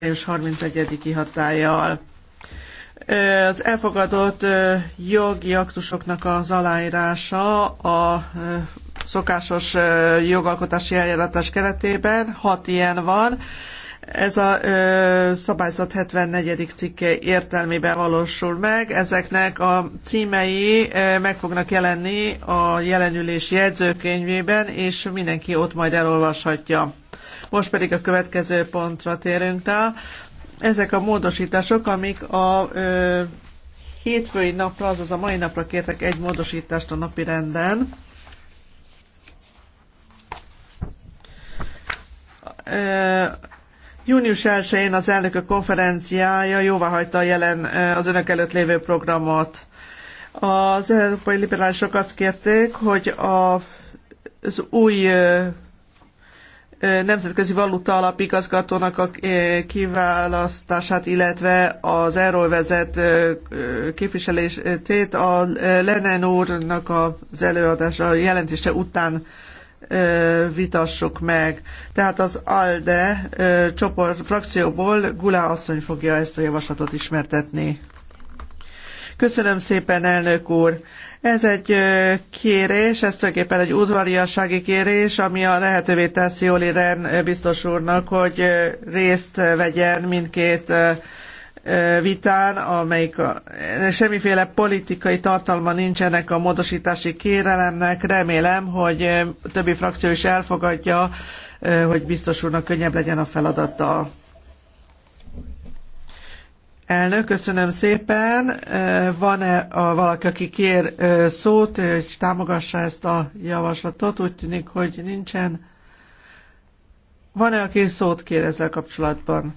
és 31 hatállyal. Az elfogadott jogi aktusoknak az aláírása a szokásos jogalkotási eljárás keretében, hat ilyen van. Ez a ö, szabályzat 74. cikke értelmében valósul meg. Ezeknek a címei ö, meg fognak jelenni a jelenülés jegyzőkönyvében, és mindenki ott majd elolvashatja. Most pedig a következő pontra térünk rá. Ezek a módosítások, amik a ö, hétfői napra, azaz a mai napra kértek egy módosítást a napi renden. Ö, Június 1-én az elnökök konferenciája jóváhagyta jelen az önök előtt lévő programot. Az európai liberálisok azt kérték, hogy a, az új Nemzetközi Valuta Alapigazgatónak a kiválasztását, illetve az erről vezet képviselését a Lenen úrnak az előadása, a jelentése után vitassuk meg. Tehát az ALDE csoport frakcióból Gula asszony fogja ezt a javaslatot ismertetni. Köszönöm szépen, elnök úr! Ez egy kérés, ez tulajdonképpen egy udvariassági kérés, ami a lehetővé teszi Oli Ren biztos úrnak, hogy részt vegyen mindkét vitán, amelyik a, semmiféle politikai tartalma nincsenek a módosítási kérelemnek. Remélem, hogy többi frakció is elfogadja, hogy biztos úrnak könnyebb legyen a feladata. Elnök, köszönöm szépen. Eh, van-e a, valaki, aki kér eh, szót, eh, és támogassa ezt a javaslatot? Úgy tűnik, hogy nincsen. Van-e, aki szót kér ezzel kapcsolatban?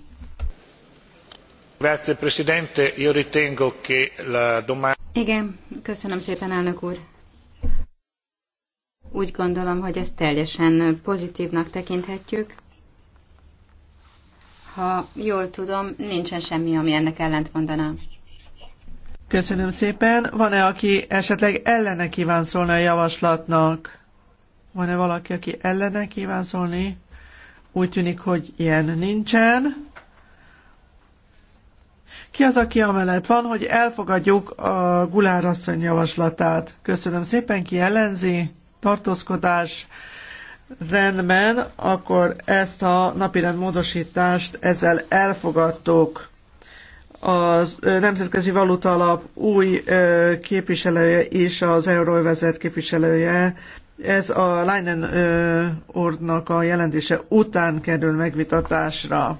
Grazie, Presidente. Io ritengo che la domanda... Igen, köszönöm szépen, elnök úr. Úgy gondolom, hogy ezt teljesen pozitívnak tekinthetjük. Ha jól tudom, nincsen semmi, ami ennek ellent mondaná. Köszönöm szépen. Van-e, aki esetleg ellene kíván szólni a javaslatnak? Van-e valaki, aki ellene kíván szólni? Úgy tűnik, hogy ilyen nincsen. Ki az, aki amellett van, hogy elfogadjuk a Gulár asszony javaslatát? Köszönöm szépen, ki ellenzi? Tartózkodás. Rendben, akkor ezt a napirend módosítást ezzel elfogadtuk. Az Nemzetközi Valuta Alap új képviselője és az Euróvezet képviselője, ez a Leinen úrnak a jelentése után kerül megvitatásra.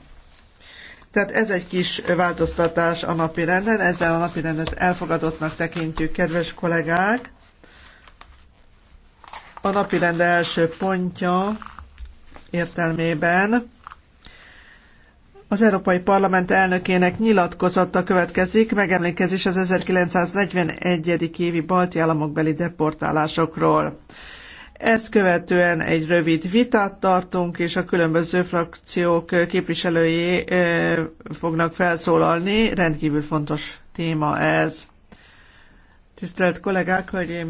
Tehát ez egy kis változtatás a napirenden, ezzel a napirendet elfogadottnak tekintjük, kedves kollégák. A rend első pontja értelmében az Európai Parlament elnökének nyilatkozata következik, megemlékezés az 1941. évi balti államokbeli deportálásokról. Ezt követően egy rövid vitát tartunk, és a különböző frakciók képviselői fognak felszólalni. Rendkívül fontos téma ez. Tisztelt kollégák, hölgyeim